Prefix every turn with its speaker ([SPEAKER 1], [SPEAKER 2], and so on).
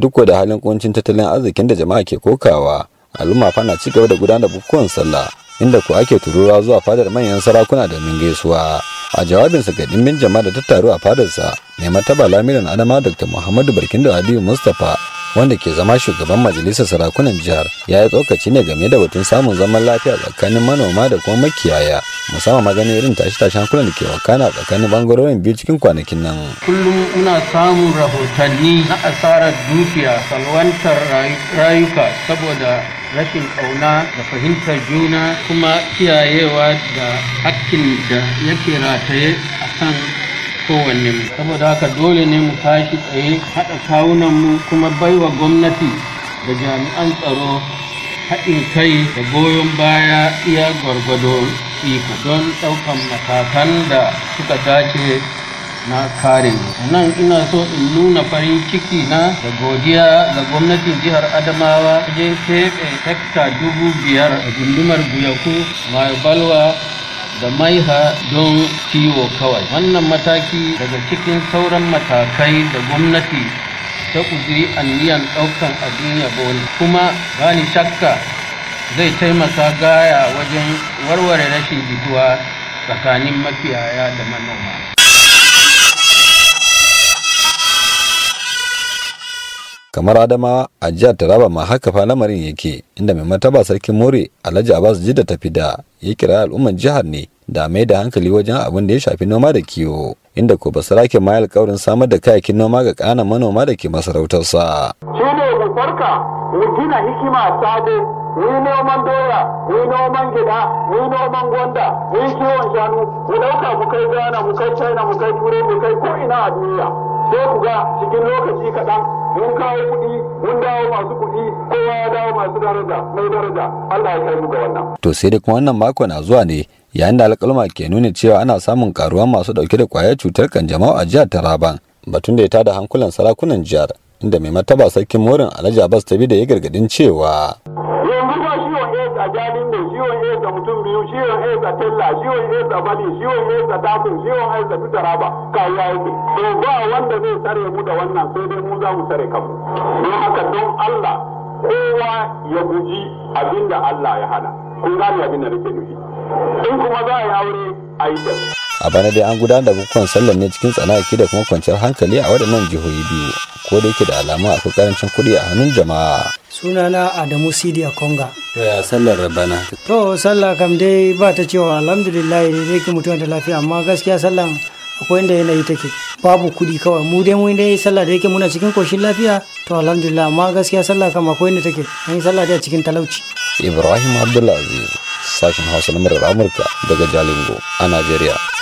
[SPEAKER 1] duk da halin kuncin tattalin arzikin da jama'a ke kokawa al'umma fa na cigaba da gudanar bukukuwan sallah inda ko ake tururuwa zuwa fadar manyan sarakuna da min gaisuwa a jawabinsa ga dimbin jama'a da ta taru a fadarsa mai mataba lamiran adama dr muhammadu Barkindu aliyu mustapha wanda ke zama shugaban majalisar sarakunan jihar ya yi tsokaci ne game da batun samun zaman lafiya tsakanin manoma da kuma makiyaya musamman maganin irin tashi tashi hankulan da ke wakana tsakanin bangarorin biyu cikin kwanakin nan.
[SPEAKER 2] kullum muna samun rahotanni na asarar dukiya salwantar rayuka saboda rashin ƙauna da fahimtar juna kuma kiyayewa da hakkin da yake rataye a kan kowanne mu saboda haka dole ne mu tashi tsaye haɗa kawunan mu kuma baiwa gwamnati da jami'an tsaro haɗin kai da goyon baya iya gwargwado iko don ɗaukan matakan da suka dace na kare nan ina so in nuna farin ciki na da godiya ga gwamnatin jihar adamawa wajen keɓe hekta dubu biyar a gundumar guyaku mai balwa da maiha don kiwo kawai wannan mataki daga cikin sauran matakai da gwamnati ta kuzuri aniyan ɗaukan abin yabo kuma bani shakka zai taimaka gaya wajen warware rashin jituwa tsakanin mafiyaya da manoma
[SPEAKER 1] kamar adama a jihar taraba ma haka fa lamarin yake inda mai mataba sarkin more alhaji abbas jidda ta fida ya kira al'umman jihar ne da mai da hankali wajen abin da ya shafi noma da kiwo inda ko basarake ma alƙawarin samar da kayakin noma ga ƙananan manoma da ke masarautarsa.
[SPEAKER 3] shi ne ku farka mu gina hikima sabo mu noman doya mu noman gida mu noman gwanda mu kiwon shanu mu ɗauka mu kai ghana mu kai china mu kai turai mu kai ko ina a duniya sai ku ga cikin lokaci kaɗan mun kawo kuɗi mun dawo masu kuɗi kowa ya dawo masu daraja mai daraja Allah ya kai mu ga wannan
[SPEAKER 1] to sai da kuma wannan mako na zuwa ne yayin da alƙalma ke nuna cewa ana samun karuwa masu ɗauke da kwayar cutar kanjamau a jihar Taraba batun da ya tada hankulan sarakunan jihar inda mai mataba sarkin morin Alhaji Abbas bi da ya gargadin cewa
[SPEAKER 3] ciwon aids a jalin ne ciwon aids a mutum biyu ciwon aids a tella ciwon aids a bali ciwon aids a tafin, ciwon aids a fitara ba kawuwa yake to ba wanda zai tsare mu da wannan sai dai mu za mu tsare kanmu don haka don Allah kowa ya guji abin da Allah ya hana kun gane abin da nake nufi in kuma za a yi aure a yi
[SPEAKER 1] a bana dai an gudanar da bukukuwan sallar ne cikin tsanaki da kuma kwanciyar hankali a waɗannan jihohi biyu ko da yake da alama akwai karancin kuɗi a hannun jama'a
[SPEAKER 2] sunana adamu sidi konga
[SPEAKER 1] ya sallar bana
[SPEAKER 2] to sallah kam dai ba ta cewa alhamdulillah ne dai mutum da lafiya amma gaskiya sallan akwai inda yanayi take babu kuɗi kawai mu dai mu dai sallah da yake muna cikin koshin lafiya to alhamdulillah amma gaskiya sallah kam akwai inda take an yi sallah dai a cikin talauci
[SPEAKER 1] ibrahim abdulaziz
[SPEAKER 2] sashen hausa na murar amurka daga jalingo a najeriya